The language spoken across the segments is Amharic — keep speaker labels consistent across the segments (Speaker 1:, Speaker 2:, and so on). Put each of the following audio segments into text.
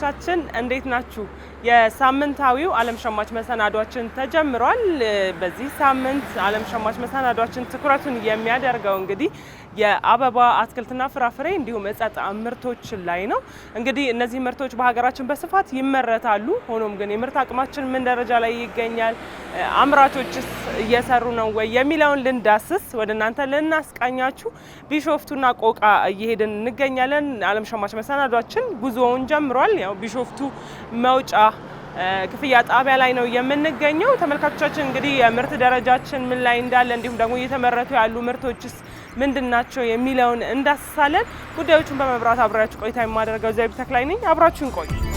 Speaker 1: ተመልካቾቻችን እንዴት ናችሁ? የሳምንታዊው ዓለም ሸማች መሰናዷችን ተጀምሯል። በዚህ ሳምንት ዓለም ሸማች መሰናዷችን ትኩረቱን የሚያደርገው እንግዲህ የአበባ አትክልትና ፍራፍሬ እንዲሁም እጸጥ ምርቶች ላይ ነው። እንግዲህ እነዚህ ምርቶች በሀገራችን በስፋት ይመረታሉ። ሆኖም ግን የምርት አቅማችን ምን ደረጃ ላይ ይገኛል፣ አምራቾችስ እየሰሩ ነው ወይ የሚለውን ልንዳስስ ወደ እናንተ ልናስቃኛችሁ ቢሾፍቱና ቆቃ እየሄድን እንገኛለን። አለም ሸማች መሰናዷችን ጉዞውን ጀምሯል። ያው ቢሾፍቱ መውጫ ክፍያ ጣቢያ ላይ ነው የምንገኘው። ተመልካቾቻችን እንግዲህ የምርት ደረጃችን ምን ላይ እንዳለ እንዲሁም ደግሞ እየተመረቱ ያሉ ምርቶችስ ምንድን ናቸው የሚለውን እንዳስሳለን። ጉዳዮቹን በመብራት አብራችሁ ቆይታ የማደርገው ዘቢ ተክላይ ነኝ። አብራችሁን ቆዩ።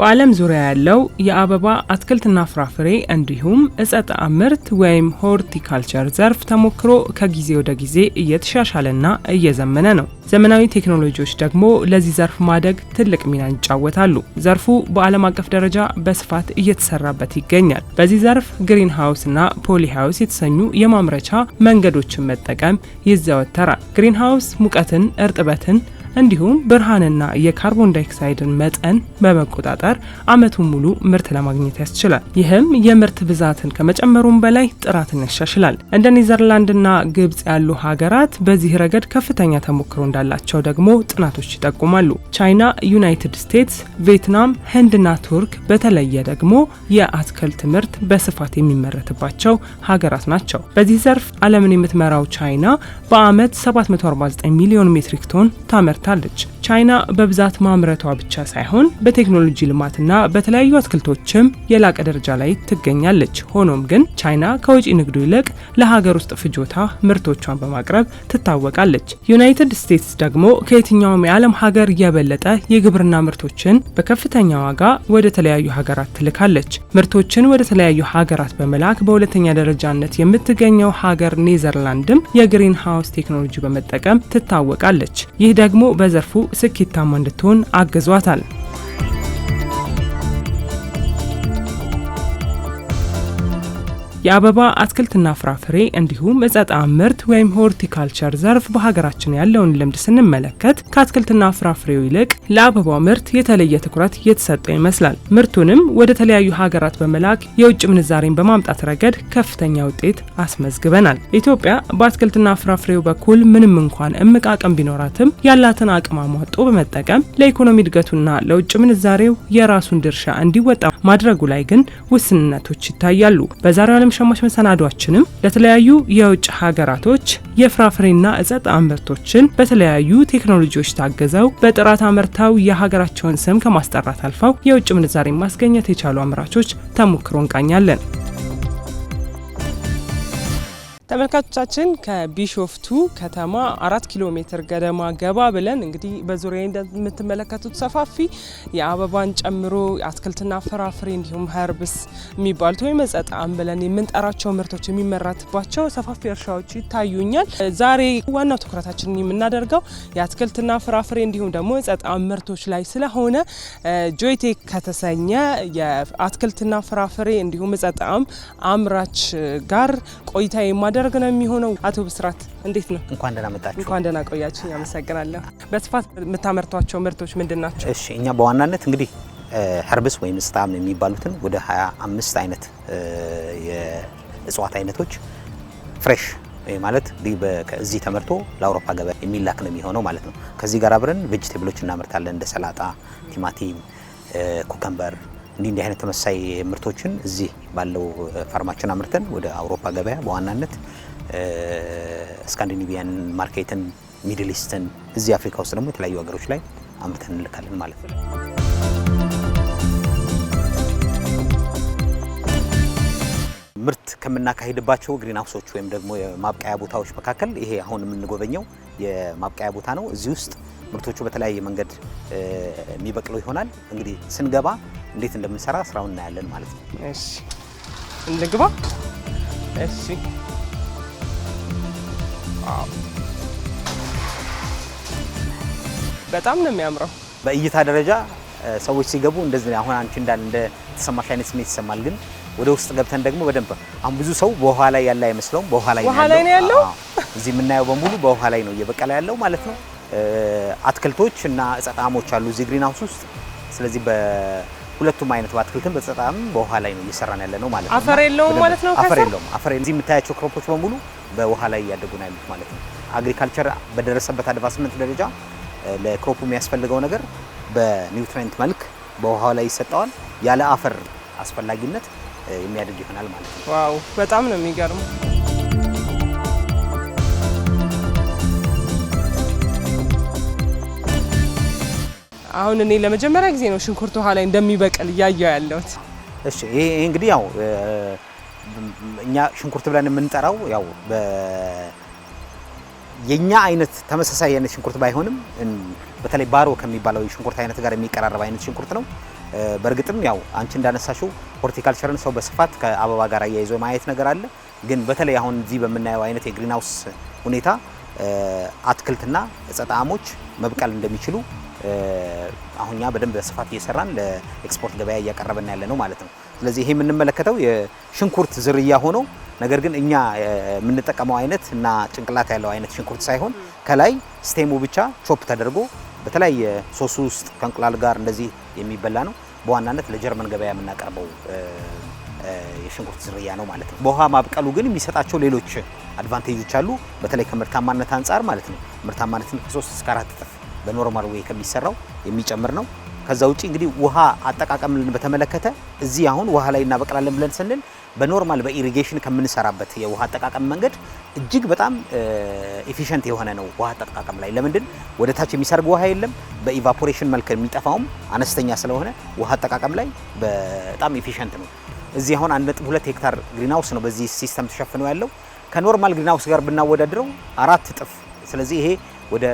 Speaker 1: በዓለም ዙሪያ ያለው የአበባ አትክልትና ፍራፍሬ እንዲሁም እጸ ተአምርት ወይም ሆርቲካልቸር ዘርፍ ተሞክሮ ከጊዜ ወደ ጊዜ እየተሻሻለና እየዘመነ ነው። ዘመናዊ ቴክኖሎጂዎች ደግሞ ለዚህ ዘርፍ ማደግ ትልቅ ሚና ይጫወታሉ። ዘርፉ በዓለም አቀፍ ደረጃ በስፋት እየተሰራበት ይገኛል። በዚህ ዘርፍ ግሪን ሃውስና ፖሊ ሃውስ የተሰኙ የማምረቻ መንገዶችን መጠቀም ይዘወተራል። ግሪን ሃውስ ሙቀትን፣ እርጥበትን እንዲሁም ብርሃንና የካርቦን ዳይኦክሳይድን መጠን በመቆጣጠር ዓመቱን ሙሉ ምርት ለማግኘት ያስችላል። ይህም የምርት ብዛትን ከመጨመሩም በላይ ጥራትን ያሻሽላል። እንደ ኔዘርላንድና ግብጽ ያሉ ሀገራት በዚህ ረገድ ከፍተኛ ተሞክሮ እንዳላቸው ደግሞ ጥናቶች ይጠቁማሉ። ቻይና፣ ዩናይትድ ስቴትስ፣ ቪየትናም፣ ህንድና ቱርክ በተለየ ደግሞ የአትክልት ምርት በስፋት የሚመረትባቸው ሀገራት ናቸው። በዚህ ዘርፍ ዓለምን የምትመራው ቻይና በዓመት 749 ሚሊዮን ሜትሪክ ቶን ታመ ሰርታለች። ቻይና በብዛት ማምረቷ ብቻ ሳይሆን በቴክኖሎጂ ልማትና በተለያዩ አትክልቶችም የላቀ ደረጃ ላይ ትገኛለች። ሆኖም ግን ቻይና ከውጪ ንግዱ ይልቅ ለሀገር ውስጥ ፍጆታ ምርቶቿን በማቅረብ ትታወቃለች። ዩናይትድ ስቴትስ ደግሞ ከየትኛውም የዓለም ሀገር የበለጠ የግብርና ምርቶችን በከፍተኛ ዋጋ ወደ ተለያዩ ሀገራት ትልካለች። ምርቶችን ወደ ተለያዩ ሀገራት በመላክ በሁለተኛ ደረጃነት የምትገኘው ሀገር ኔዘርላንድም የግሪን ሃውስ ቴክኖሎጂ በመጠቀም ትታወቃለች። ይህ ደግሞ በዘርፉ ስኬታማ እንድትሆን አግዟታል። የአበባ አትክልትና ፍራፍሬ እንዲሁም እጸጣ ምርት ወይም ሆርቲካልቸር ዘርፍ በሀገራችን ያለውን ልምድ ስንመለከት ከአትክልትና ፍራፍሬው ይልቅ ለአበባው ምርት የተለየ ትኩረት እየተሰጠው ይመስላል። ምርቱንም ወደ ተለያዩ ሀገራት በመላክ የውጭ ምንዛሬን በማምጣት ረገድ ከፍተኛ ውጤት አስመዝግበናል። ኢትዮጵያ በአትክልትና ፍራፍሬው በኩል ምንም እንኳን እምቅ አቅም ቢኖራትም ያላትን አቅም አሟጦ በመጠቀም ለኢኮኖሚ እድገቱና ለውጭ ምንዛሬው የራሱን ድርሻ እንዲወጣ ማድረጉ ላይ ግን ውስንነቶች ይታያሉ። በዛሬው የምሽማሽ መሰናዷችንም ለተለያዩ የውጭ ሀገራቶች የፍራፍሬና እጸ አምርቶችን ምርቶችን በተለያዩ ቴክኖሎጂዎች ታግዘው በጥራት አመርተው የሀገራቸውን ስም ከማስጠራት አልፈው የውጭ ምንዛሬ ማስገኘት የቻሉ አምራቾች ተሞክሮ እንቃኛለን። ተመልካቾቻችን ከቢሾፍቱ ከተማ አራት ኪሎ ሜትር ገደማ ገባ ብለን እንግዲህ በዙሪያ እንደምትመለከቱት ሰፋፊ የአበባን ጨምሮ አትክልትና ፍራፍሬ እንዲሁም ሀርብስ የሚባሉት ወይም መጸጣም ብለን የምንጠራቸው ምርቶች የሚመረትባቸው ሰፋፊ እርሻዎች ይታዩኛል። ዛሬ ዋናው ትኩረታችን የምናደርገው የአትክልትና ፍራፍሬ እንዲሁም ደግሞ የጸጣም ምርቶች ላይ ስለሆነ ጆይቴክ ከተሰኘ የአትክልትና ፍራፍሬ እንዲሁም መጸጣም አምራች ጋር ቆይታ የማደ የሚደረግ ነው የሚሆነው። አቶ ብስራት እንዴት ነው?
Speaker 2: እንኳን ደህና መጣችሁ።
Speaker 1: እንኳን ደህና ቆያችሁ። አመሰግናለሁ። በስፋት የምታመርቷቸው ምርቶች ምንድን ናቸው?
Speaker 2: እሺ እኛ በዋናነት እንግዲህ ሀርብስ ወይም ስጣም የሚባሉትን ወደ 25 አይነት የእጽዋት አይነቶች ፍሬሽ ማለት እዚህ ተመርቶ ለአውሮፓ ገበያ የሚላክ ነው የሚሆነው ማለት ነው። ከዚህ ጋር አብረን ቬጅቴብሎች እናመርታለን እንደ ሰላጣ፣ ቲማቲም፣ ኩከምበር እንዲህ እንዲህ አይነት ተመሳይ ምርቶችን እዚህ ባለው ፋርማችን አምርተን ወደ አውሮፓ ገበያ በዋናነት ስካንዲኔቪያን ማርኬትን፣ ሚድል ኢስትን እዚህ አፍሪካ ውስጥ ደግሞ የተለያዩ ሀገሮች ላይ አምርተን እንልካለን ማለት ነው። ምርት ከምናካሄድባቸው ግሪን ሀውሶች ወይም ደግሞ የማብቀያ ቦታዎች መካከል ይሄ አሁን የምንጎበኘው የማብቀያ ቦታ ነው። እዚህ ውስጥ ምርቶቹ በተለያየ መንገድ የሚበቅለው ይሆናል። እንግዲህ ስንገባ እንዴት እንደምንሰራ ስራውን እናያለን ማለት ነው።
Speaker 1: እሺ እንግባ። እሺ በጣም ነው የሚያምረው።
Speaker 2: በእይታ ደረጃ ሰዎች ሲገቡ እንደዚህ አሁን አንቺ እንዳል እንደ ተሰማሽ አይነት ስሜት ይሰማል። ግን ወደ ውስጥ ገብተን ደግሞ በደንብ አሁን ብዙ ሰው በውሃ ላይ ያለ አይመስለውም። በውሃ ላይ
Speaker 1: ነው ያለው።
Speaker 2: እዚህ የምናየው በሙሉ በውሃ ላይ ነው እየበቀለ ያለው ማለት ነው። አትክልቶች እና እጸጣሞች አሉ እዚህ ግሪን ሃውስ ውስጥ ስለዚህ ሁለቱም አይነት አትክልትን በጣም በውሃ ላይ ነው እየሰራን ያለ ነው ማለት
Speaker 1: ነው። አፈር የለውም ማለት ነው።
Speaker 2: አፈር የለውም። አፈር እዚህ የምታያቸው ክሮፖች በሙሉ በውሃ ላይ እያደጉ ነው ያሉት ማለት ነው። አግሪካልቸር በደረሰበት አድቫንስመንት ደረጃ ለክሮፑ የሚያስፈልገው ነገር በኒውትሪንት መልክ በውሃ ላይ ይሰጠዋል። ያለ አፈር አስፈላጊነት የሚያድግ ይሆናል ማለት
Speaker 1: ነው። ዋው በጣም ነው የሚገርመው። አሁን እኔ ለመጀመሪያ ጊዜ ነው ሽንኩርት ውሃ ላይ እንደሚበቅል እያየው ያለሁት።
Speaker 2: እሺ ይሄ እንግዲህ ያው እኛ ሽንኩርት ብለን የምንጠራው ያው የኛ አይነት ተመሳሳይ አይነት ሽንኩርት ባይሆንም በተለይ ባሮ ከሚባለው የሽንኩርት አይነት ጋር የሚቀራረብ አይነት ሽንኩርት ነው። በእርግጥም ያው አንቺ እንዳነሳሽው ሆርቲካልቸርን ሰው በስፋት ከአበባ ጋር አያይዞ ማየት ነገር አለ። ግን በተለይ አሁን እዚህ በምናየው አይነት የግሪንሃውስ ሁኔታ አትክልትና እጸጣሞች መብቀል እንደሚችሉ አሁን እኛ በደንብ በስፋት እየሰራን ለኤክስፖርት ገበያ እያቀረብን ያለ ነው ማለት ነው። ስለዚህ ይሄ የምንመለከተው የሽንኩርት ዝርያ ሆኖ ነገር ግን እኛ የምንጠቀመው አይነት እና ጭንቅላት ያለው አይነት ሽንኩርት ሳይሆን ከላይ ስቴሙ ብቻ ቾፕ ተደርጎ በተለያየ ሶስ ውስጥ ከእንቁላል ጋር እንደዚህ የሚበላ ነው። በዋናነት ለጀርመን ገበያ የምናቀርበው የሽንኩርት ዝርያ ነው ማለት ነው። በውሃ ማብቀሉ ግን የሚሰጣቸው ሌሎች አድቫንቴጆች አሉ። በተለይ ከምርታማነት አንጻር ማለት ነው። ምርታማነትን ከሶስት እስከ አራት እጥፍ በኖርማል ዌይ ከሚሰራው የሚጨምር ነው። ከዛ ውጪ እንግዲህ ውሃ አጠቃቀምን በተመለከተ እዚህ አሁን ውሃ ላይ እናበቅላለን ብለን ስንል በኖርማል በኢሪጌሽን ከምንሰራበት የውሃ አጠቃቀም መንገድ እጅግ በጣም ኤፊሽንት የሆነ ነው። ውሃ አጠቃቀም ላይ ለምንድን ወደ ታች የሚሰርግ ውሃ የለም። በኢቫፖሬሽን መልክ የሚጠፋውም አነስተኛ ስለሆነ ውሃ አጠቃቀም ላይ በጣም ኤፊሽንት ነው። እዚህ አሁን 1.2 ሄክታር ግሪንሃውስ ነው በዚህ ሲስተም ተሸፍኖ ያለው ከኖርማል ግሪንሃውስ ጋር ብናወዳድረው አራት እጥፍ። ስለዚህ ይሄ ወደ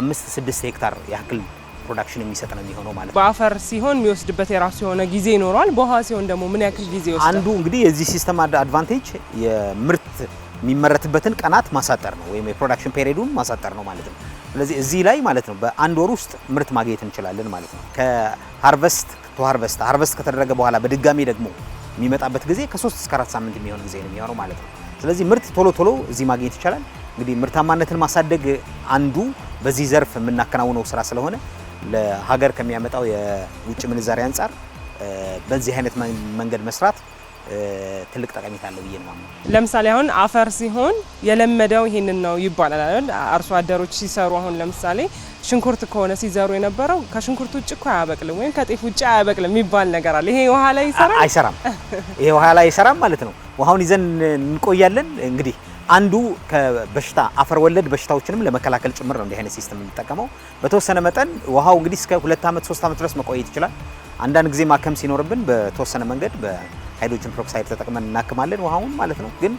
Speaker 2: አምስት ስድስት ሄክታር ያክል ፕሮዳክሽን የሚሰጥ ነው የሚሆነው ማለት
Speaker 1: ነው። በአፈር ሲሆን የሚወስድበት የራሱ የሆነ ጊዜ ይኖረዋል። በውሃ ሲሆን ደግሞ ምን ያክል ጊዜ
Speaker 2: ይወስዳል? አንዱ እንግዲህ የዚህ ሲስተም አድቫንቴጅ የምርት የሚመረትበትን ቀናት ማሳጠር ነው ወይም የፕሮዳክሽን ፔሪዱን ማሳጠር ነው ማለት ነው። ስለዚህ እዚህ ላይ ማለት ነው በአንድ ወር ውስጥ ምርት ማግኘት እንችላለን ማለት ነው። ከሃርቨስት ቱ ሃርቨስት ሃርቨስት ከተደረገ በኋላ በድጋሚ ደግሞ የሚመጣበት ጊዜ ከሶስት እስከ አራት ሳምንት የሚሆን ጊዜ ነው የሚሆነው ማለት ነው። ስለዚህ ምርት ቶሎ ቶሎ እዚህ ማግኘት ይቻላል። እንግዲህ ምርታማነትን ማሳደግ አንዱ በዚህ ዘርፍ የምናከናውነው ስራ ስለሆነ ለሀገር ከሚያመጣው የውጭ ምንዛሪ አንጻር በዚህ አይነት መንገድ መስራት ትልቅ ጠቀሜታ አለው ብዬ ነው።
Speaker 1: ለምሳሌ አሁን አፈር ሲሆን የለመደው ይሄንን ነው ይባላል አይደል? አርሶ አደሮች ሲሰሩ አሁን ለምሳሌ ሽንኩርት ከሆነ ሲዘሩ የነበረው ከሽንኩርት ውጭ እኮ አያበቅልም ወይም ከጤፍ ውጭ አያበቅልም የሚባል ነገር አለ። ይሄ ውሃ ላይ ይሰራል
Speaker 2: አይሰራም? ይሄ ውሃ ላይ ይሰራም ማለት ነው። ውሃውን ይዘን እንቆያለን እንግዲህ አንዱ ከበሽታ አፈር ወለድ በሽታዎችንም ለመከላከል ጭምር ነው እንዲህ አይነት ሲስተም የሚጠቀመው። በተወሰነ መጠን ውሃው እንግዲህ እስከ ሁለት ዓመት ሶስት ዓመት ድረስ መቆየት ይችላል። አንዳንድ ጊዜ ማከም ሲኖርብን በተወሰነ መንገድ በሃይድሮጅን ፕሮክሳይድ ተጠቅመን እናክማለን ውሃውን ማለት ነው ግን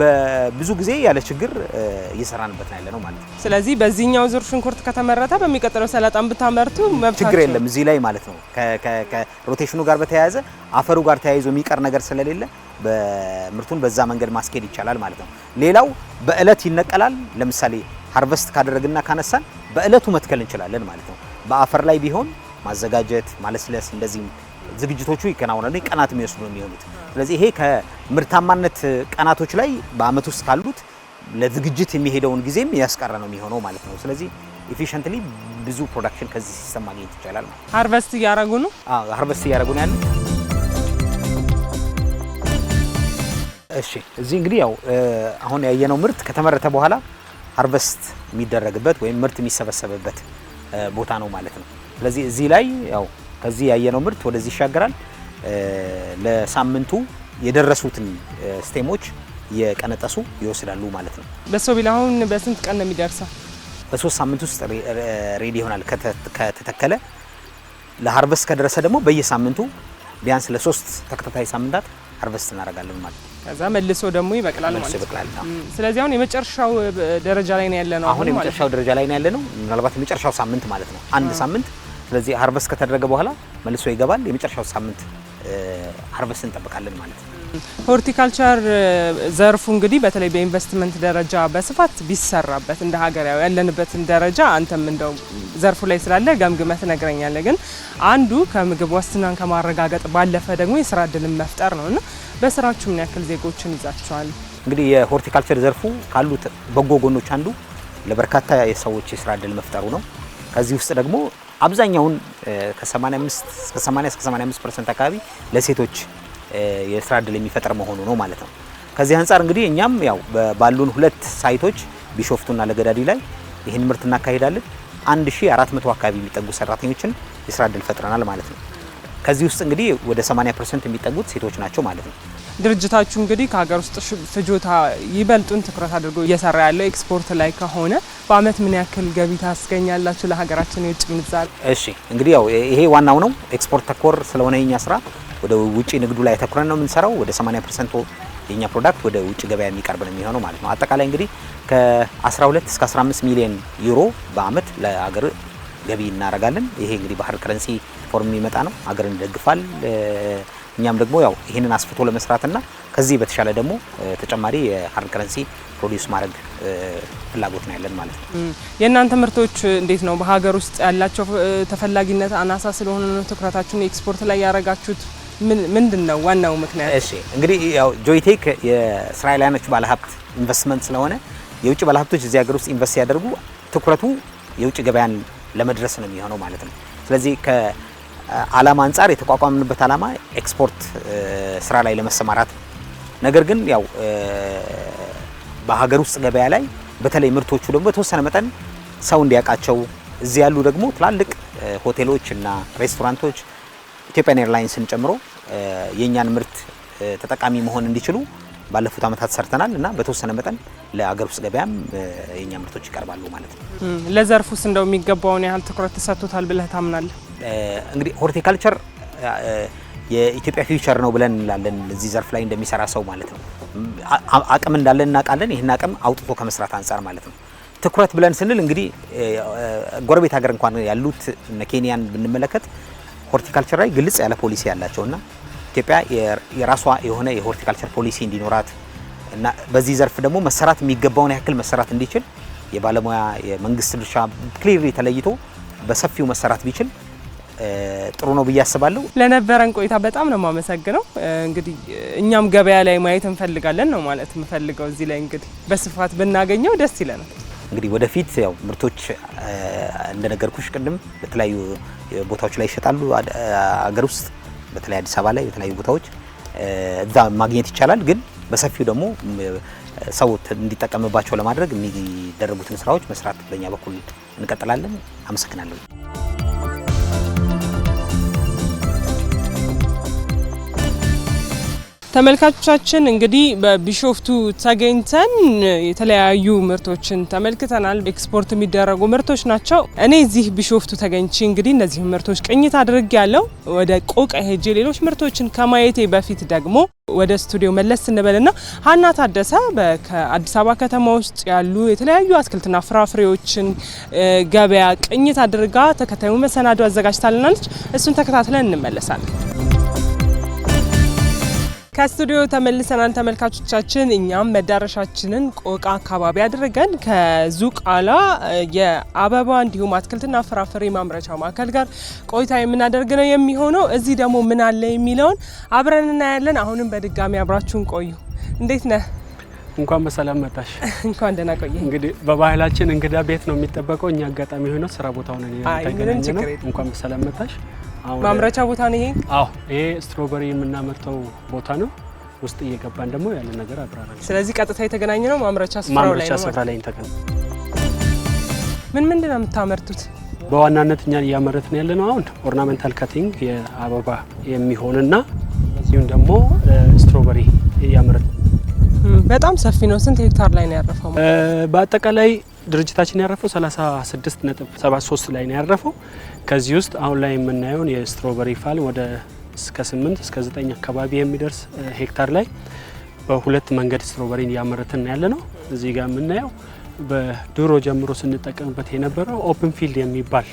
Speaker 2: በብዙ ጊዜ ያለ ችግር እየሰራንበት ያለ ነው ማለት ነው።
Speaker 1: ስለዚህ በዚህኛው ዙር ሽንኩርት ከተመረተ በሚቀጥለው ሰላጣን ብታመርቱ
Speaker 2: ችግር የለም እዚህ ላይ ማለት ነው። ከሮቴሽኑ ጋር በተያያዘ አፈሩ ጋር ተያይዞ የሚቀር ነገር ስለሌለ ምርቱን በዛ መንገድ ማስኬድ ይቻላል ማለት ነው። ሌላው በእለት ይነቀላል። ለምሳሌ ሃርቨስት ካደረግና ካነሳን በእለቱ መትከል እንችላለን ማለት ነው። በአፈር ላይ ቢሆን ማዘጋጀት ማለስለስ እንደዚህ ዝግጅቶቹ ይከናወናሉ። ቀናት የሚወስዱ ነው የሚሆኑት። ስለዚህ ይሄ ከምርታማነት ቀናቶች ላይ በአመት ውስጥ ካሉት ለዝግጅት የሚሄደውን ጊዜም ያስቀረ ነው የሚሆነው ማለት ነው። ስለዚህ ኤፊሽንትሊ ብዙ ፕሮዳክሽን ከዚህ ሲስተም ማግኘት ይቻላል።
Speaker 1: ሀርቨስት እያደረጉ ነው።
Speaker 2: ሀርቨስት እያረጉ ነው ሀርቨስት እያረጉ ነው እሺ፣ እዚህ እንግዲህ ያው አሁን ያየነው ምርት ከተመረተ በኋላ ሀርቨስት የሚደረግበት ወይም ምርት የሚሰበሰብበት ቦታ ነው ማለት ነው። ስለዚህ እዚህ ላይ ያው ከዚህ ያየነው ምርት ወደዚህ ይሻገራል። ለሳምንቱ የደረሱትን ስቴሞች እየቀነጠሱ ይወስዳሉ ማለት ነው።
Speaker 1: በሶ ቢል አሁን በስንት ቀን ነው የሚደርሰው?
Speaker 2: በሶስት ሳምንት ውስጥ ሬዲ ይሆናል ከተተከለ። ለሀርቨስት ከደረሰ ደግሞ በየሳምንቱ ቢያንስ ለሶስት ተከታታይ ሳምንታት ሀርቨስት እናደርጋለን ማለት ነው።
Speaker 1: ከዛ መልሶ ደግሞ ይበቅላል
Speaker 2: ማለት ነው።
Speaker 1: ስለዚህ አሁን የመጨረሻው ደረጃ ላይ ነው ያለ ነው።
Speaker 2: አሁን የመጨረሻው ደረጃ ላይ ነው ያለ ነው። ምናልባት የመጨረሻው ሳምንት ማለት ነው። አንድ ሳምንት ስለዚህ ሀርቨስት ከተደረገ በኋላ መልሶ ይገባል። የመጨረሻው ሳምንት ሀርቨስት እንጠብቃለን ማለት ነው።
Speaker 1: ሆርቲካልቸር ዘርፉ እንግዲህ በተለይ በኢንቨስትመንት ደረጃ በስፋት ቢሰራበት እንደ ሀገር ያለንበትን ደረጃ አንተም እንደው ዘርፉ ላይ ስላለ ገምግመት ነግረኛለ። ግን አንዱ ከምግብ ዋስትናን ከማረጋገጥ ባለፈ ደግሞ የስራ እድልን መፍጠር ነው እና በስራችሁ ምን ያክል ዜጎችን ይዛችኋል?
Speaker 2: እንግዲህ የሆርቲካልቸር ዘርፉ ካሉት በጎ ጎኖች አንዱ ለበርካታ የሰዎች የስራ እድል መፍጠሩ ነው። ከዚህ ውስጥ ደግሞ አብዛኛውን ከ85 እስከ 85% አካባቢ ለሴቶች የስራ እድል የሚፈጠር መሆኑ ነው ማለት ነው። ከዚህ አንጻር እንግዲህ እኛም ያው ባሉን ሁለት ሳይቶች ቢሾፍቱና ለገዳዲ ላይ ይህን ምርት እናካሄዳለን። 1400 አካባቢ የሚጠጉ ሰራተኞችን የስራ እድል ፈጥረናል ማለት ነው። ከዚህ ውስጥ እንግዲህ ወደ 80 ፐርሰንት የሚጠጉት ሴቶች ናቸው ማለት ነው።
Speaker 1: ድርጅታችሁ እንግዲህ ከሀገር ውስጥ ፍጆታ ይበልጡን ትኩረት አድርጎ እየሰራ ያለው ኤክስፖርት ላይ ከሆነ በአመት ምን ያክል ገቢ ታስገኛላችሁ? ለሀገራችን የውጭ ምንዛሪ?
Speaker 2: እሺ እንግዲህ ያው ይሄ ዋናው ነው። ኤክስፖርት ተኮር ስለሆነ የኛ ስራ ወደ ውጭ ንግዱ ላይ ተኩረን ነው የምንሰራው። ወደ 80 ፐርሰንት የኛ ፕሮዳክት ወደ ውጭ ገበያ የሚቀርብ ነው የሚሆነው ማለት ነው። አጠቃላይ እንግዲህ ከ12 እስከ 15 ሚሊዮን ዩሮ በአመት ለሀገር ገቢ እናደርጋለን። ይሄ እንግዲህ ባህር ከረንሲ ፕላትፎርም የሚመጣ ነው። አገርን ይደግፋል። እኛም ደግሞ ያው ይህንን አስፍቶ ለመስራትና ከዚህ በተሻለ ደግሞ ተጨማሪ የሀርድ ከረንሲ ፕሮዲስ ማድረግ ፍላጎት ነው ያለን ማለት ነው።
Speaker 1: የእናንተ ምርቶች እንዴት ነው? በሀገር ውስጥ ያላቸው ተፈላጊነት አናሳ ስለሆነ ነው ትኩረታችሁን ኤክስፖርት ላይ ያደረጋችሁት? ምንድን ነው ዋናው ምክንያት?
Speaker 2: እሺ እንግዲህ ያው ጆይቴክ የእስራኤላውያኖች ባለሀብት ኢንቨስትመንት ስለሆነ የውጭ ባለሀብቶች እዚህ ሀገር ውስጥ ኢንቨስት ሲያደርጉ ትኩረቱ የውጭ ገበያን ለመድረስ ነው የሚሆነው ማለት ነው። ስለዚህ አላማ አንጻር የተቋቋምንበት አላማ ኤክስፖርት ስራ ላይ ለመሰማራት ነው። ነገር ግን ያው በሀገር ውስጥ ገበያ ላይ በተለይ ምርቶቹ ደግሞ በተወሰነ መጠን ሰው እንዲያውቃቸው እዚህ ያሉ ደግሞ ትላልቅ ሆቴሎች እና ሬስቶራንቶች ኢትዮጵያን ኤርላይንስን ጨምሮ የእኛን ምርት ተጠቃሚ መሆን እንዲችሉ ባለፉት ዓመታት ሰርተናል እና በተወሰነ መጠን ለአገር ውስጥ ገበያም የኛ ምርቶች ይቀርባሉ ማለት ነው።
Speaker 1: ውስጥ እንደው የሚገባውን ያህል ትኩረት ተሰጥቶታል ብለህ ታምናለህ?
Speaker 2: እንግዲህ ሆርቲካልቸር የኢትዮጵያ ፊውቸር ነው ብለን እንላለን። እዚህ ዘርፍ ላይ እንደሚሰራ ሰው ማለት ነው። አቅም እንዳለን እናውቃለን። ይህን አቅም አውጥቶ ከመስራት አንጻር ማለት ነው። ትኩረት ብለን ስንል እንግዲህ ጎረቤት ሀገር እንኳን ያሉት እነ ኬንያን ብንመለከት ሆርቲካልቸር ላይ ግልጽ ያለ ፖሊሲ ያላቸውና ኢትዮጵያ የራሷ የሆነ የሆርቲካልቸር ፖሊሲ እንዲኖራት እና በዚህ ዘርፍ ደግሞ መሰራት የሚገባውን ያክል መሰራት እንዲችል የባለሙያ የመንግስት ድርሻ ክሊርሊ ተለይቶ በሰፊው መሰራት ቢችል ጥሩ ነው ብዬ አስባለሁ።
Speaker 1: ለነበረን ቆይታ በጣም ነው የማመሰግነው። እንግዲህ እኛም ገበያ ላይ ማየት እንፈልጋለን ነው ማለት የምፈልገው። እዚህ ላይ እንግዲህ በስፋት ብናገኘው ደስ ይለናል።
Speaker 2: እንግዲህ ወደፊት ያው ምርቶች እንደነገርኩሽ ቅድም በተለያዩ ቦታዎች ላይ ይሸጣሉ አገር ውስጥ በተለይ አዲስ አበባ ላይ በተለያዩ ቦታዎች እዛ ማግኘት ይቻላል። ግን በሰፊው ደግሞ ሰው እንዲጠቀምባቸው ለማድረግ የሚደረጉትን ስራዎች መስራት በእኛ በኩል እንቀጥላለን። አመሰግናለሁ።
Speaker 1: ተመልካቾቻችን እንግዲህ በቢሾፍቱ ተገኝተን የተለያዩ ምርቶችን ተመልክተናል። ኤክስፖርት የሚደረጉ ምርቶች ናቸው። እኔ እዚህ ቢሾፍቱ ተገኝቼ እንግዲህ እነዚህ ምርቶች ቅኝት አድርግ ያለው ወደ ቆቀ ሄጄ ሌሎች ምርቶችን ከማየቴ በፊት ደግሞ ወደ ስቱዲዮ መለስ እንበልና ሀና ታደሰ ከአዲስ አበባ ከተማ ውስጥ ያሉ የተለያዩ አትክልትና ፍራፍሬዎችን ገበያ ቅኝት አድርጋ ተከታዩ መሰናዶ አዘጋጅታልናለች። እሱን ተከታትለን እንመለሳለን። ከስቱዲዮ ተመልሰናል ተመልካቾቻችን። እኛም መዳረሻችንን ቆቃ አካባቢ አድርገን ከዙቃላ የአበባ እንዲሁም አትክልትና ፍራፍሬ ማምረቻ ማዕከል ጋር ቆይታ የምናደርግ ነው የሚሆነው። እዚህ ደግሞ ምን አለ የሚለውን አብረን እናያለን። አሁንም በድጋሚ አብራችሁን ቆዩ። እንዴት ነህ? እንኳን በሰላም መጣሽ። እንኳን ደህና ቆየ። እንግዲህ በባህላችን እንግዳ ቤት ነው የሚጠበቀው። እኛ አጋጣሚ ሆኖ ስራ ቦታ ሆነን እንኳን በሰላም መጣሽ። ማምረቻ ቦታ ነው ይሄ? አዎ፣ ይሄ ስትሮበሪ የምናመርተው ቦታ ነው። ውስጥ እየገባን ደግሞ ያለ ነገር አብራራለሁ። ስለዚህ ቀጥታ የተገናኘ ነው ማምረቻ ስፍራው ላይ ነው። ስፍራ ላይ ተገናኘ። ምን ምንድን ነው የምታመርቱት? በዋናነት እኛን እያመረትን ያለ ነው አሁን ኦርናሜንታል ካቲንግ የአበባ የሚሆንና እዚሁም ደግሞ ስትሮበሪ እያመረት በጣም ሰፊ ነው። ስንት ሄክታር ላይ ነው ያረፈው? በአጠቃላይ ድርጅታችን ያረፈው 73 ላይ ነው ያረፈው። ከዚህ ውስጥ አሁን ላይ የምናየውን የስትሮበሪ ፋል ወደ እስከ 8 እስከ 9 አካባቢ የሚደርስ ሄክታር ላይ በሁለት መንገድ ስትሮበሪን እያመረትን ያለ ነው። እዚህ ጋር የምናየው በድሮ ጀምሮ ስንጠቀምበት የነበረው ኦፕን ፊልድ የሚባል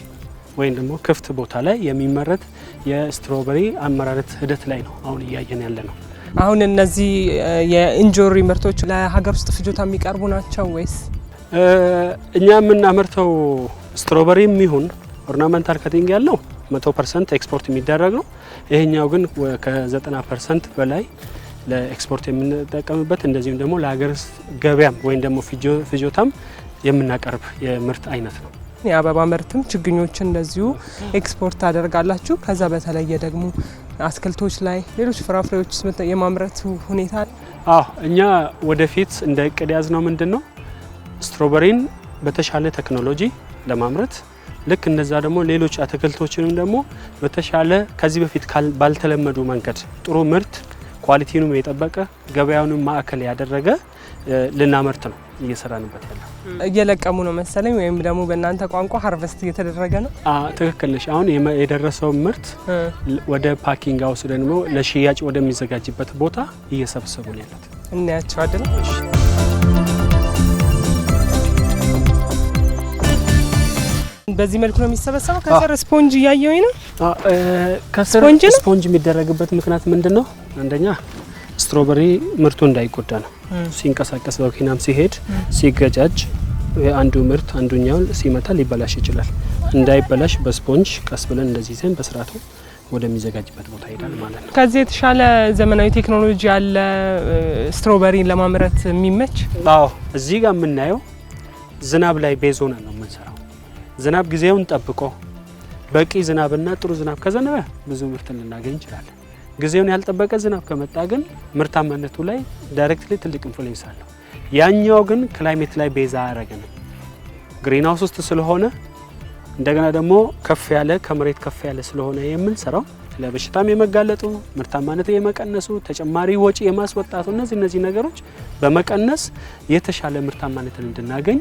Speaker 1: ወይም ደግሞ ክፍት ቦታ ላይ የሚመረት የስትሮበሪ አመራረት ሂደት ላይ ነው አሁን እያየን ያለ ነው። አሁን እነዚህ የእንጆሪ ምርቶች ለሀገር ውስጥ ፍጆታ የሚቀርቡ ናቸው ወይስ እኛ የምናመርተው ስትሮበሪም ይሁን ኦርናመንታል ከቲንግ ያለው 100 ፐርሰንት ኤክስፖርት የሚደረግ ነው። ይሄኛው ግን ከዘጠና ፐርሰንት በላይ ለኤክስፖርት የምንጠቀምበት እንደዚሁም ደግሞ ለሀገር ገበያም ወይም ደግሞ ፍጆታም የምናቀርብ የምርት አይነት ነው። የአበባ ምርትም ችግኞች እንደዚሁ ኤክስፖርት ታደርጋላችሁ። ከዛ በተለየ ደግሞ አትክልቶች ላይ ሌሎች ፍራፍሬዎች የማምረት ሁኔታ አዎ እኛ ወደፊት እንደ እቅድ ያዝ ነው ምንድን ነው ስትሮበሪን በተሻለ ቴክኖሎጂ ለማምረት ልክ እነዛ ደግሞ ሌሎች አትክልቶችንም ደግሞ በተሻለ ከዚህ በፊት ባልተለመዱ መንገድ ጥሩ ምርት ኳሊቲንም የጠበቀ ገበያውንም ማዕከል ያደረገ ልናመርት ነው እየሰራንበት ያለ። እየለቀሙ ነው መሰለኝ ወይም ደግሞ በእናንተ ቋንቋ ሀርቨስት እየተደረገ ነው። ትክክል ነሽ። አሁን የደረሰው ምርት ወደ ፓኪንግ አውስ ደግሞ ለሽያጭ ወደሚዘጋጅበት ቦታ እየሰበሰቡ ነው ያሉት። እናያቸው አደላ በዚህ መልኩ ነው የሚሰበሰበው። ከስር ስፖንጅ እያየሁኝ ነው። ከስር ስፖንጅ የሚደረግበት ምክንያት ምንድን ነው? አንደኛ ስትሮበሪ ምርቱ እንዳይጎዳ ነው። ሲንቀሳቀስ በኪናም ሲሄድ ሲገጃጅ አንዱ ምርት አንዱኛውን ሲመታ ሊበላሽ ይችላል። እንዳይበላሽ በስፖንጅ ቀስ ብለን እንደዚህ ዘን በስርዓቱ ወደሚዘጋጅበት ቦታ ይሄዳል ማለት ነው። ከዚህ የተሻለ ዘመናዊ ቴክኖሎጂ ያለ ስትሮበሪን ለማምረት የሚመች አዎ፣ እዚህ ጋር የምናየው ዝናብ ላይ ቤዝ ነው የምንሰራው ዝናብ ጊዜውን ጠብቆ በቂ ዝናብና ጥሩ ዝናብ ከዘነበ ብዙ ምርት ልናገኝ እንችላለን። ጊዜውን ያልጠበቀ ዝናብ ከመጣ ግን ምርታማነቱ ላይ ዳይሬክትሊ ትልቅ ኢንፍሉዌንስ አለው። ያኛው ግን ክላይሜት ላይ ቤዛ ያደረገ ግሪን ግሪንሃውስ ውስጥ ስለሆነ እንደገና ደግሞ ከፍ ያለ ከመሬት ከፍ ያለ ስለሆነ የምንሰራው ለበሽታም የመጋለጡ ምርታማነት የመቀነሱ ተጨማሪ ወጪ የማስወጣቱ እነዚህ እነዚህ ነገሮች በመቀነስ የተሻለ ምርታማነትን እንድናገኝ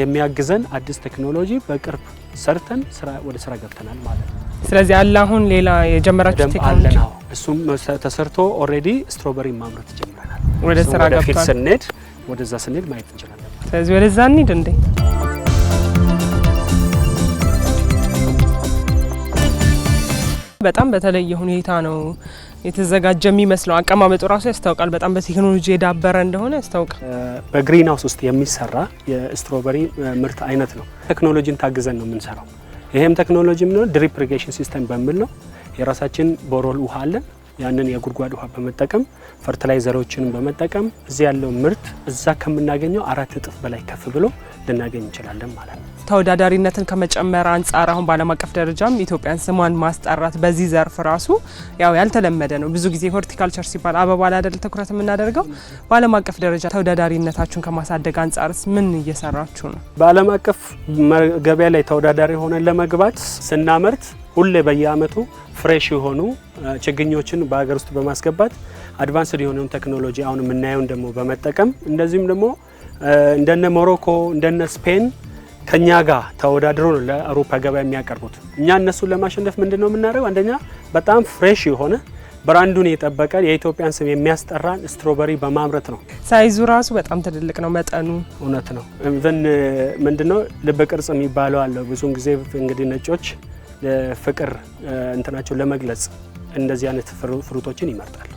Speaker 1: የሚያግዘን አዲስ ቴክኖሎጂ በቅርብ ሰርተን ወደ ስራ ገብተናል ማለት ነው። ስለዚህ አለ አሁን ሌላ የጀመራችሁ ቴክኖሎጂ እሱም ተሰርቶ ኦልሬዲ ስትሮበሪ ማምረት ጀምረናል። ወደ ስራ ገብተናል። ስንሄድ ወደዛ ስንሄድ ማየት እንችላለን። ስለዚህ ወደዛ እንሂድ እንዴ በጣም በተለየ ሁኔታ ነው የተዘጋጀ የሚመስለው አቀማመጡ ራሱ ያስታውቃል። በጣም በቴክኖሎጂ የዳበረ እንደሆነ ያስታውቃል። በግሪን ሃውስ ውስጥ የሚሰራ የስትሮበሪ ምርት አይነት ነው። ቴክኖሎጂን ታግዘን ነው የምንሰራው። ይህም ቴክኖሎጂ ምንሆን ድሪፕ ሲስተም በሚል ነው። የራሳችን ቦሮል ውሃ አለን ያንን የጉድጓድ ውሃ በመጠቀም ፈርትላይዘሮችንም በመጠቀም እዚህ ያለው ምርት እዛ ከምናገኘው አራት እጥፍ በላይ ከፍ ብሎ ልናገኝ እንችላለን ማለት ነው። ተወዳዳሪነትን ከመጨመር አንጻር አሁን በዓለም አቀፍ ደረጃም ኢትዮጵያን ስሟን ማስጠራት በዚህ ዘርፍ ራሱ ያው ያልተለመደ ነው። ብዙ ጊዜ ሆርቲካልቸር ሲባል አበባ ላይ አይደል ትኩረት የምናደርገው። በዓለም አቀፍ ደረጃ ተወዳዳሪነታችሁን ከማሳደግ አንጻርስ ምን እየሰራችሁ ነው? በዓለም አቀፍ ገበያ ላይ ተወዳዳሪ ሆነን ለመግባት ስናመርት ሁሌ በየአመቱ ፍሬሽ የሆኑ ችግኞችን በሀገር ውስጥ በማስገባት አድቫንስድ የሆነውን ቴክኖሎጂ አሁን የምናየውን ደግሞ በመጠቀም እንደዚሁም ደግሞ እንደነ ሞሮኮ እንደነ ስፔን ከኛ ጋር ተወዳድሮ ነው ለአውሮፓ ገበያ የሚያቀርቡት። እኛ እነሱን ለማሸነፍ ምንድን ነው የምናደርገው? አንደኛ በጣም ፍሬሽ የሆነ ብራንዱን የጠበቀ የኢትዮጵያን ስም የሚያስጠራን ስትሮበሪ በማምረት ነው። ሳይዙ ራሱ በጣም ትልልቅ ነው መጠኑ። እውነት ነው። ምንድነው ልብ ቅርጽ የሚባለው አለው። ብዙን ጊዜ እንግዲህ ነጮች ፍቅር እንትናቸው ለመግለጽ እንደዚህ አይነት ፍሩቶችን ይመርጣል።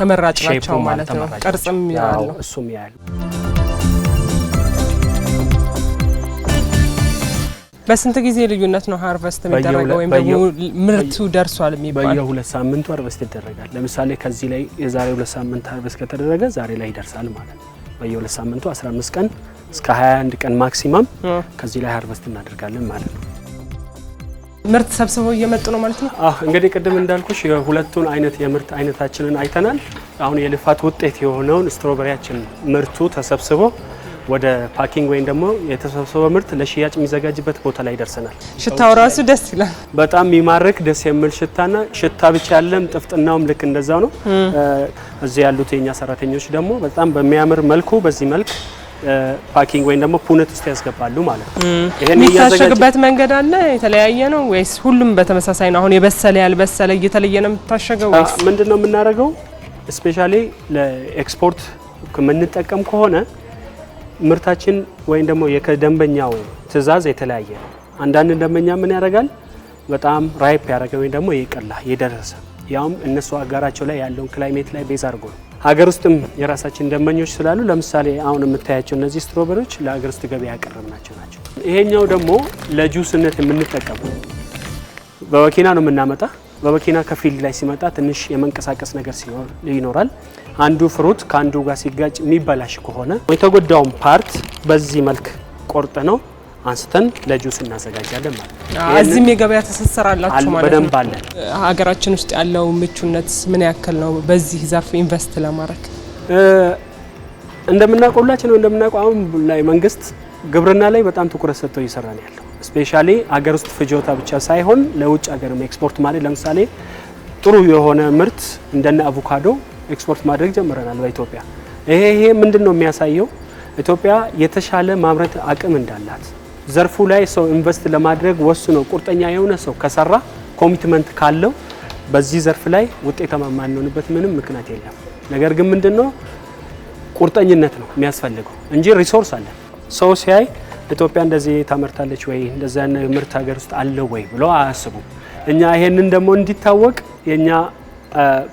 Speaker 1: ተመራጭ ናቸው ማለት ነው። ቅርጽም ያለው እሱም ያለው በስንት ጊዜ ልዩነት ነው ሃርቨስት የሚደረገው? ወይም ደግሞ ምርቱ ደርሷል የሚባለው በየሁለት ሳምንቱ ሃርቨስት ይደረጋል። ለምሳሌ ከዚህ ላይ የዛሬ ሁለት ሳምንት ሃርቨስት ከተደረገ ዛሬ ላይ ይደርሳል ማለት ነው። በየሁለት ሳምንቱ 15 ቀን እስከ 21 ቀን ማክሲማም ከዚህ ላይ ሃርቨስት እናደርጋለን ማለት ነው። ምርት ሰብስበው እየመጡ ነው ማለት ነው። እንግዲህ ቅድም እንዳልኩሽ የሁለቱን አይነት የምርት አይነታችንን አይተናል። አሁን የልፋት ውጤት የሆነውን ስትሮበሪያችን ምርቱ ተሰብስቦ ወደ ፓኪንግ ወይም ደግሞ የተሰብሰበ ምርት ለሽያጭ የሚዘጋጅበት ቦታ ላይ ደርሰናል። ሽታው ራሱ ደስ ይላል። በጣም የሚማርክ ደስ የሚል ሽታና ሽታ ብቻ ያለም ጥፍጥናውም ልክ እንደዛው ነው። እዚህ ያሉት የኛ ሰራተኞች ደግሞ በጣም በሚያምር መልኩ በዚህ መልክ ፓኪንግ ወይም ደግሞ ፑነት ውስጥ ያስገባሉ ማለት ነው። ይሄን የሚታሸግበት መንገድ አለ የተለያየ ነው ወይስ ሁሉም በተመሳሳይ ነው? አሁን የበሰለ ያልበሰለ እየተለየ ነው የምታሸገው? ምንድን ነው የምናደርገው? እስፔሻሊ ለኤክስፖርት የምንጠቀም ከሆነ ምርታችን ወይም ደግሞ የከደንበኛው ትዕዛዝ የተለያየ ነው። አንዳንድ ደንበኛ ምን ያደርጋል? በጣም ራይፕ ያደረገ ወይም ደግሞ የቀላ የደረሰ ያውም እነሱ አጋራቸው ላይ ያለውን ክላይሜት ላይ ቤዝ አድርጎ ነው ሀገር ውስጥም የራሳችን ደንበኞች ስላሉ ለምሳሌ አሁን የምታያቸው እነዚህ ስትሮበሪዎች ለሀገር ውስጥ ገበያ ያቀረብናቸው ናቸው። ይሄኛው ደግሞ ለጁስነት የምንጠቀመው በመኪና ነው የምናመጣ። በመኪና ከፊልድ ላይ ሲመጣ ትንሽ የመንቀሳቀስ ነገር ይኖራል። አንዱ ፍሩት ከአንዱ ጋር ሲጋጭ የሚበላሽ ከሆነ የተጎዳውን ፓርት በዚህ መልክ ቆርጥ ነው አንስተን ለጁስ እናዘጋጃለን ማለት ነው። እዚህም የገበያ ትስስር አላችሁ ማለት ነው። በደንብ ሀገራችን ውስጥ ያለው ምቹነት ምን ያክል ነው? በዚህ ዘርፍ ኢንቨስት ለማድረግ እንደምናውቀው ሁላችን እንደምናውቀው አሁን ላይ መንግስት ግብርና ላይ በጣም ትኩረት ሰጥቶ እየሰራ ነው ያለው። ስፔሻሊ አገር ውስጥ ፍጆታ ብቻ ሳይሆን ለውጭ ሀገር ኤክስፖርት ማለት ለምሳሌ ጥሩ የሆነ ምርት እንደነ አቮካዶ ኤክስፖርት ማድረግ ጀምረናል በኢትዮጵያ። ይሄ ይሄ ምንድን ነው የሚያሳየው ኢትዮጵያ የተሻለ ማምረት አቅም እንዳላት ዘርፉ ላይ ሰው ኢንቨስት ለማድረግ ወስኖ ቁርጠኛ የሆነ ሰው ከሰራ ኮሚትመንት ካለው በዚህ ዘርፍ ላይ ውጤታማ የማንሆንበት ምንም ምክንያት የለም። ነገር ግን ምንድነው ቁርጠኝነት ነው የሚያስፈልገው እንጂ ሪሶርስ አለ። ሰው ሲያይ ኢትዮጵያ እንደዚህ ታመርታለች ወይ እንደዚህ አይነት ምርት ሀገር ውስጥ አለው ወይ ብሎ አያስቡም። እኛ ይሄንን ደግሞ እንዲታወቅ የኛ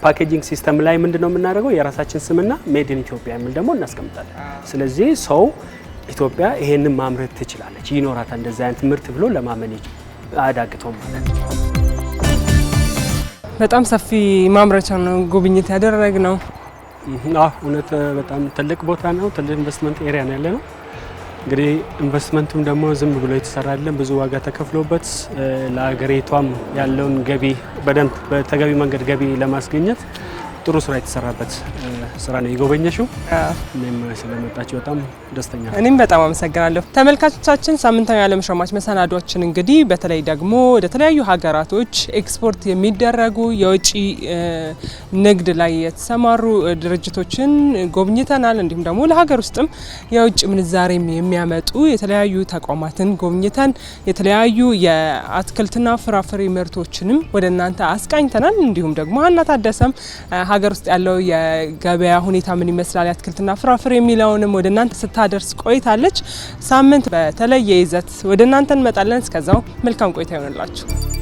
Speaker 1: ፓኬጂንግ ሲስተም ላይ ምንድነው የምናደርገው የራሳችን ስምና ሜድ ኢን ኢትዮጵያ የሚል ደግሞ እናስቀምጣለን። ስለዚህ ሰው ኢትዮጵያ ይሄንን ማምረት ትችላለች፣ ይኖራታል እንደዚህ አይነት ምርት ብሎ ለማመን አዳግቶ ማለት ነው። በጣም ሰፊ ማምረቻ ነው ጉብኝት ያደረግ ነው። እውነት በጣም ትልቅ ቦታ ነው። ትልቅ ኢንቨስትመንት ኤሪያ ነው ያለ ነው። እንግዲህ ኢንቨስትመንቱም ደግሞ ዝም ብሎ የተሰራ አይደለም። ብዙ ዋጋ ተከፍሎበት ለሀገሪቷም ያለውን ገቢ በደንብ በተገቢ መንገድ ገቢ ለማስገኘት ጥሩ ስራ የተሰራበት ስራ ነው የጎበኘሽው። እኔም ስለመጣችሁ በጣም ደስተኛ እኔም በጣም አመሰግናለሁ። ተመልካቾቻችን ሳምንታዊ የዓለም ሸማች መሰናዷችን እንግዲህ በተለይ ደግሞ ወደ ተለያዩ ሀገራቶች ኤክስፖርት የሚደረጉ የውጭ ንግድ ላይ የተሰማሩ ድርጅቶችን ጎብኝተናል። እንዲሁም ደግሞ ለሀገር ውስጥም የውጭ ምንዛሬም የሚያመጡ የተለያዩ ተቋማትን ጎብኝተን የተለያዩ የአትክልትና ፍራፍሬ ምርቶችንም ወደ እናንተ አስቃኝተናል። እንዲሁም ደግሞ ሀና ታደሰም ሀገር ውስጥ ያለው የገበያ ሁኔታ ምን ይመስላል፣ የአትክልትና ፍራፍሬ የሚለውንም ወደ እናንተ ስታደርስ ቆይታለች። ሳምንት በተለየ ይዘት ወደ እናንተ እንመጣለን። እስከዛው መልካም ቆይታ ይሆንላችሁ።